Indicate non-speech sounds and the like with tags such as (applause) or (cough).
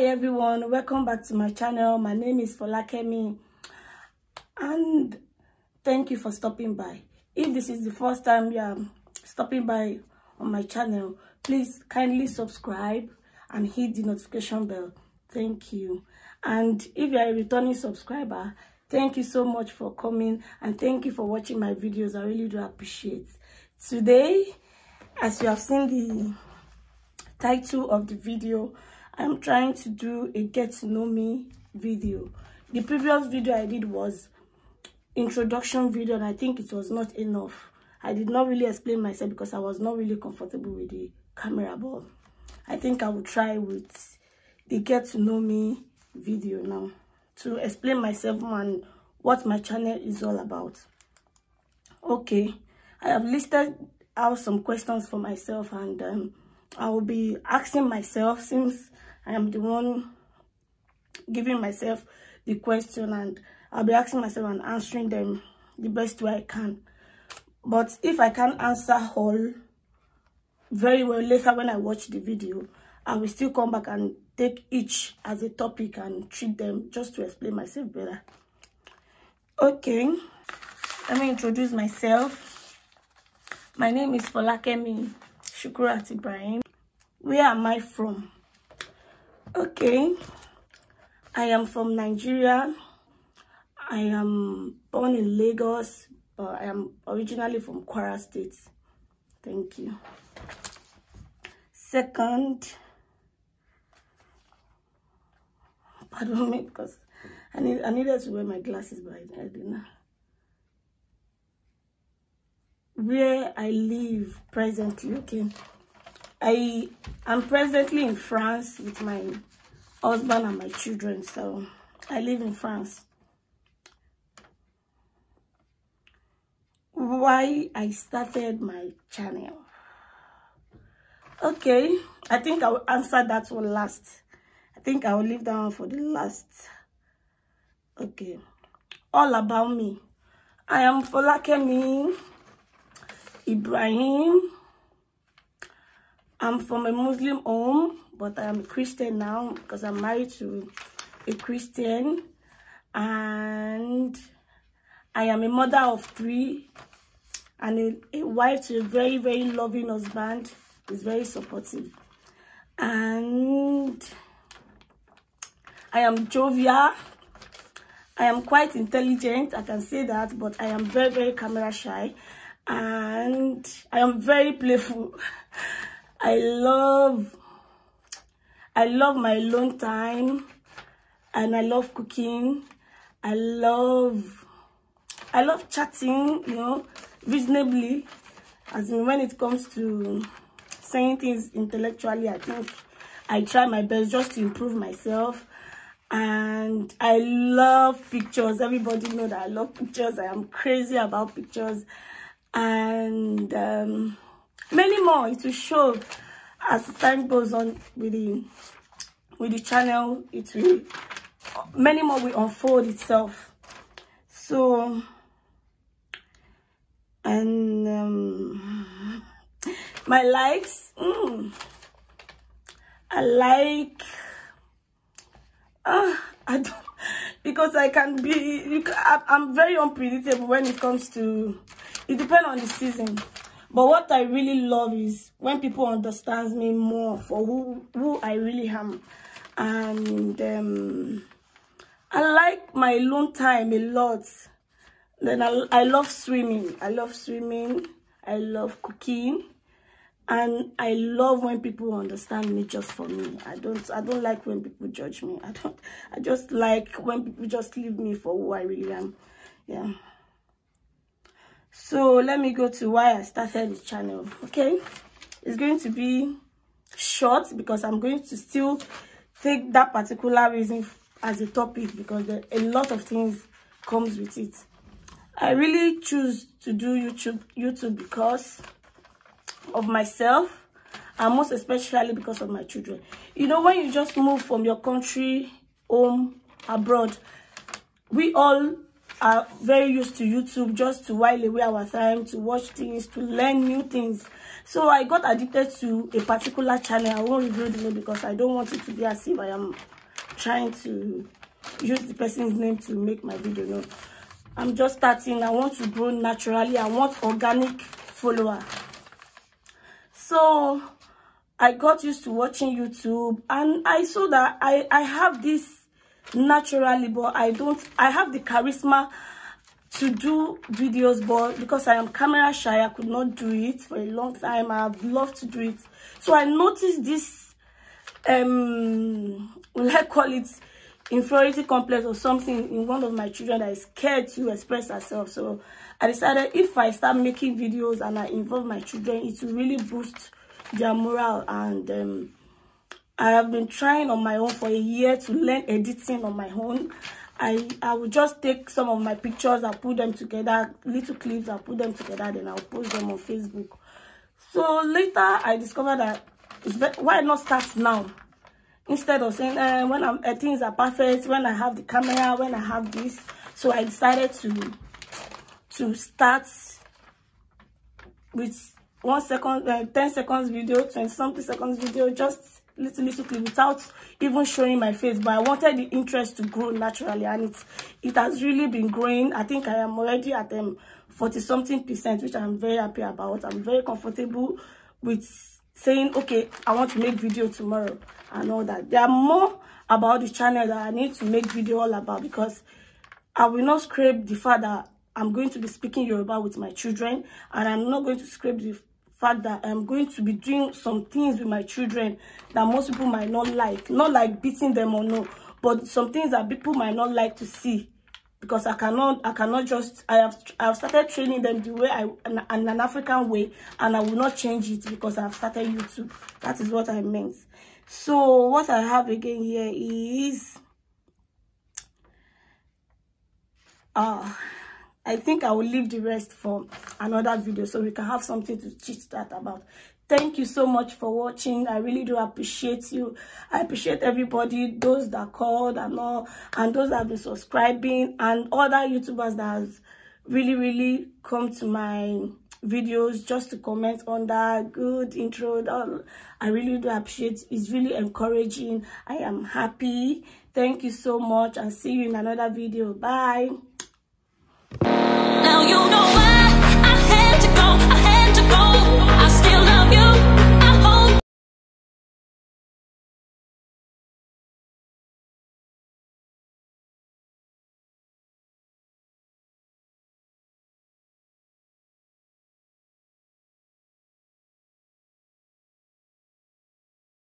hi everyone welcome back to my channel my name is Folakemi and thank you for stopping by if this is the first time you are stopping by on my channel please kindly subscribe and hit the notification bell thank you and if you are a returning subscriber thank you so much for coming and thank you for watching my videos i really do appreciate today as you have seen the title of the video I'm trying to do a get to know me video. The previous video I did was introduction video and I think it was not enough. I did not really explain myself because I was not really comfortable with the camera but I think I will try with the get to know me video now to explain myself and what my channel is all about. Okay, I have listed out some questions for myself and um, I will be asking myself since I am the one giving myself the question and I'll be asking myself and answering them the best way I can. But if I can't answer all very well later when I watch the video, I will still come back and take each as a topic and treat them just to explain myself better. Okay, let me introduce myself. My name is Falakemi Shukurat Ibrahim. Where am I from? Okay, I am from Nigeria. I am born in Lagos, but I am originally from Kwara State. Thank you. Second, pardon me because I, need, I needed to wear my glasses, but I, I didn't. Where I live presently, okay. I am presently in France with my husband and my children. So I live in France. Why I started my channel. Okay, I think I will answer that one last. I think I will leave that one for the last. Okay, all about me. I am Folakemi Ibrahim I'm from a Muslim home, but I'm a Christian now because I'm married to a Christian. And I am a mother of three and a, a wife to a very, very loving husband. He's very supportive. And I am jovial. I am quite intelligent, I can say that, but I am very, very camera shy. And I am very playful. (laughs) I love, I love my alone time and I love cooking. I love, I love chatting, you know, reasonably. As in when it comes to saying things intellectually, I think I try my best just to improve myself. And I love pictures. Everybody know that I love pictures. I am crazy about pictures. And um, many more it will show as time goes on with the with the channel it will many more will unfold itself so and um, my likes mm, i like uh, i don't because i can be you, I, i'm very unpredictable when it comes to it depends on the season but what I really love is when people understand me more for who, who I really am. And um, I like my alone time a lot. Then I, I love swimming. I love swimming. I love cooking. And I love when people understand me just for me. I don't I don't like when people judge me. I don't I just like when people just leave me for who I really am. Yeah so let me go to why i started the channel okay it's going to be short because i'm going to still take that particular reason as a topic because there, a lot of things comes with it i really choose to do youtube youtube because of myself and most especially because of my children you know when you just move from your country home abroad we all are very used to YouTube just to while away our time, to watch things, to learn new things. So I got addicted to a particular channel. I won't reveal the name because I don't want it to be as if I am trying to use the person's name to make my video. No, I'm just starting. I want to grow naturally. I want organic follower. So I got used to watching YouTube and I saw that I, I have this naturally but i don't i have the charisma to do videos but because i am camera shy i could not do it for a long time i have loved to do it so i noticed this um will i call it inferiority complex or something in one of my children that is scared to express herself so i decided if i start making videos and i involve my children it will really boost their morale and um I have been trying on my own for a year to learn editing on my own. I, I will just take some of my pictures, i put them together, little clips, i put them together, then I'll post them on Facebook. So later, I discovered that it's why not start now? Instead of saying, uh, when I'm, uh, things are perfect, when I have the camera, when I have this. So I decided to, to start with one second, uh, 10 seconds video, 20 something seconds video, just little little without even showing my face but i wanted the interest to grow naturally and it it has really been growing i think i am already at um 40 something percent which i'm very happy about i'm very comfortable with saying okay i want to make video tomorrow and all that there are more about the channel that i need to make video all about because i will not scrape the fact that i'm going to be speaking yoruba with my children and i'm not going to scrape the fact that I'm going to be doing some things with my children that most people might not like. Not like beating them or no, but some things that people might not like to see. Because I cannot, I cannot just, I have, I have started training them the way I, in an African way, and I will not change it because I've started YouTube. That is what I meant. So what I have again here is, ah. Uh, I think I will leave the rest for another video so we can have something to teach chat about. Thank you so much for watching. I really do appreciate you. I appreciate everybody, those that called and all, and those that have been subscribing, and other YouTubers that have really, really come to my videos just to comment on that good intro that i really do appreciate it's really encouraging i am happy thank you so much and see you in another video bye now you know why I had to go, I had to go. I still love you.